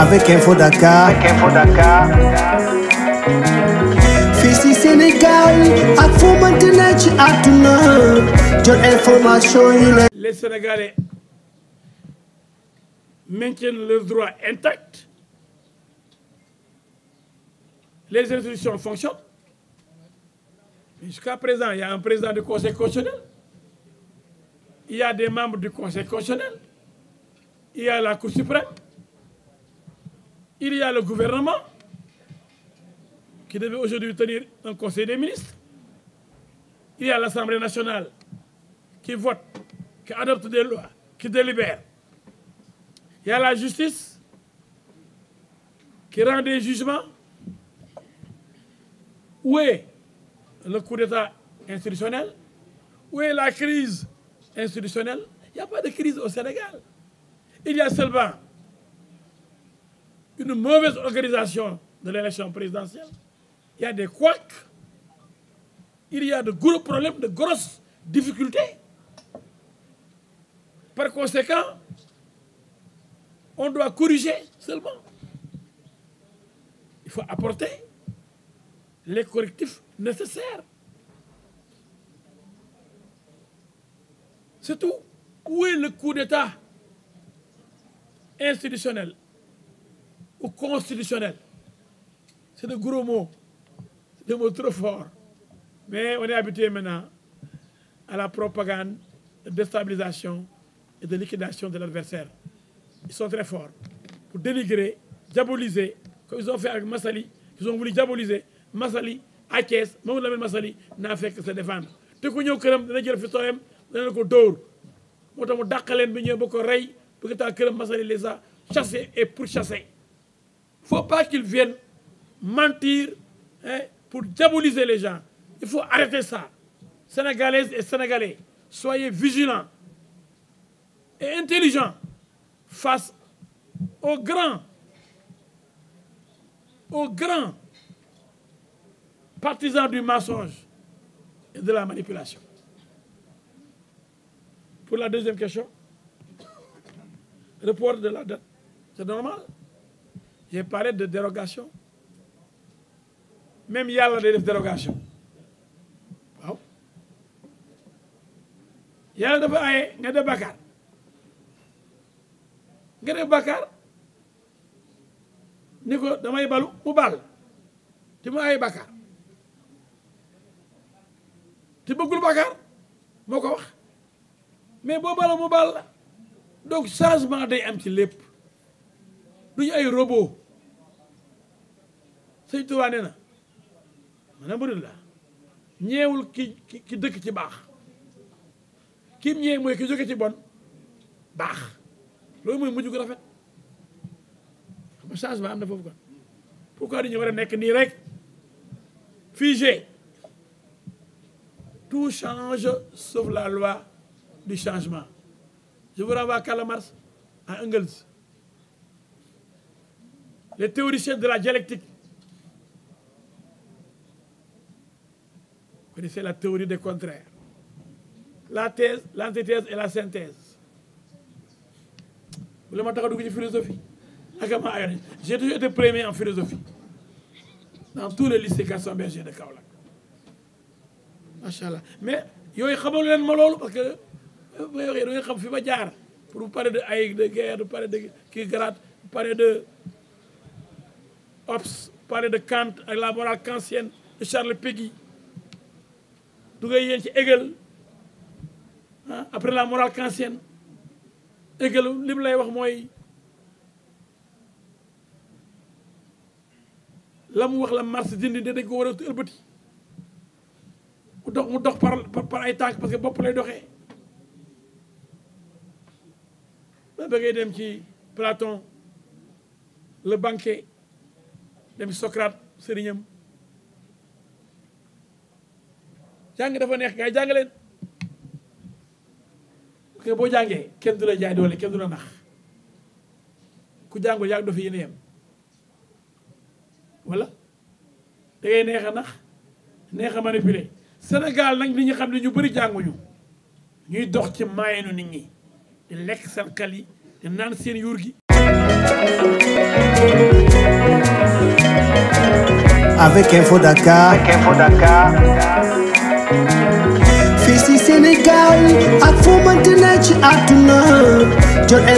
avec Info Dakar. Les Sénégalais maintiennent leurs droits intacts. Les institutions fonctionnent. Jusqu'à présent, il y a un président du Conseil constitutionnel. Il y a des membres du Conseil constitutionnel. Il y a la Cour suprême. Il y a le gouvernement qui devait aujourd'hui tenir un conseil des ministres. Il y a l'Assemblée nationale qui vote, qui adopte des lois, qui délibère. Il y a la justice qui rend des jugements. Où est le coup d'État institutionnel Où est la crise institutionnelle Il n'y a pas de crise au Sénégal. Il y a seulement une mauvaise organisation de l'élection présidentielle. Il y a des couacs. Il y a de gros problèmes, de grosses difficultés. Par conséquent, on doit corriger seulement. Il faut apporter les correctifs nécessaires. C'est tout. Où est le coup d'État institutionnel ou constitutionnel. C'est de gros mots, des mots trop forts. Mais on est habitué maintenant à la propagande de déstabilisation et de liquidation de l'adversaire. Ils sont très forts pour dénigrer, diaboliser, comme ils ont fait avec Massali. Ils ont voulu diaboliser Massali, Akès, Mamoud Lamine Massali n'a fait que se défendre. te ku ñëw këram dana jël pistolet fait la ko dóor moo tax mu dàqaleen bi ñëw ba ko rey bu ko taa Massali les a chassés et chasser. Il ne faut pas qu'ils viennent mentir hein, pour diaboliser les gens. Il faut arrêter ça. Sénégalaises et Sénégalais, soyez vigilants et intelligents face aux grands, aux grands partisans du mensonge et de la manipulation. Pour la deuxième question, le report de la date, c'est normal j'ai parlé de dérogation même Yalla a def dérogation waaw yàlla dafa aye nga def Tu nga des bàkkaar il Tu balu mu baal des mu Tu bàkkaar te bëggul bàkkaar mais boo baloo mu donc changement day am ci y y a des robot sëñ Tuubaa nee na man a la ñeewul ki ki dëkk ci bax kim ñee moy ki jóge ci bon bax loolu moy mujj gu rafet xam nga changement am na foofu kon pourquoi dañu war a nekk nii rek figé tout change sauf la loi du changement je vous renvoie Karl Marx à Engels les théoriciens de la dialectique C'est la théorie des contraires. La thèse, l'antithèse et la synthèse. Vous voulez m'entendre à la philosophie J'ai toujours été premier en philosophie. Dans tous les lycées Kassambéger de Kaolak. Machallah. Mais, a y a pas parce que euh, vous ne a pas Pour vous parler de haïk, de guerre, de parler de Kigrat, parler de Hobbes, parler de Kant, la morale kantienne, de Charles Peggy. duga yéen ci egel, ah, après la morale kantienne Hegel lim lay wax moy lam wax la mars dindi de dañ ko wara a ëlbati dox mu dox par par ay tank parce que bop lay doxé ba bëggé dem ci Platon le banquet dem Socrate sëriñam jàng dafa neex ngay jàng leen boo jàngee kenn du la jaay doole kenn du la nax ku jàngul yàgg dafa yéene yem wala da neex a nax neex a manipuler Sénégal nag li ñu xam ne ñu bëri jànguñu ñuy dox ci maayenu nit ñi di lekk seen xel naan seen yuur gi. Avec Info Dakar. Avec Sénégal ak fu mënti ne ci àdduna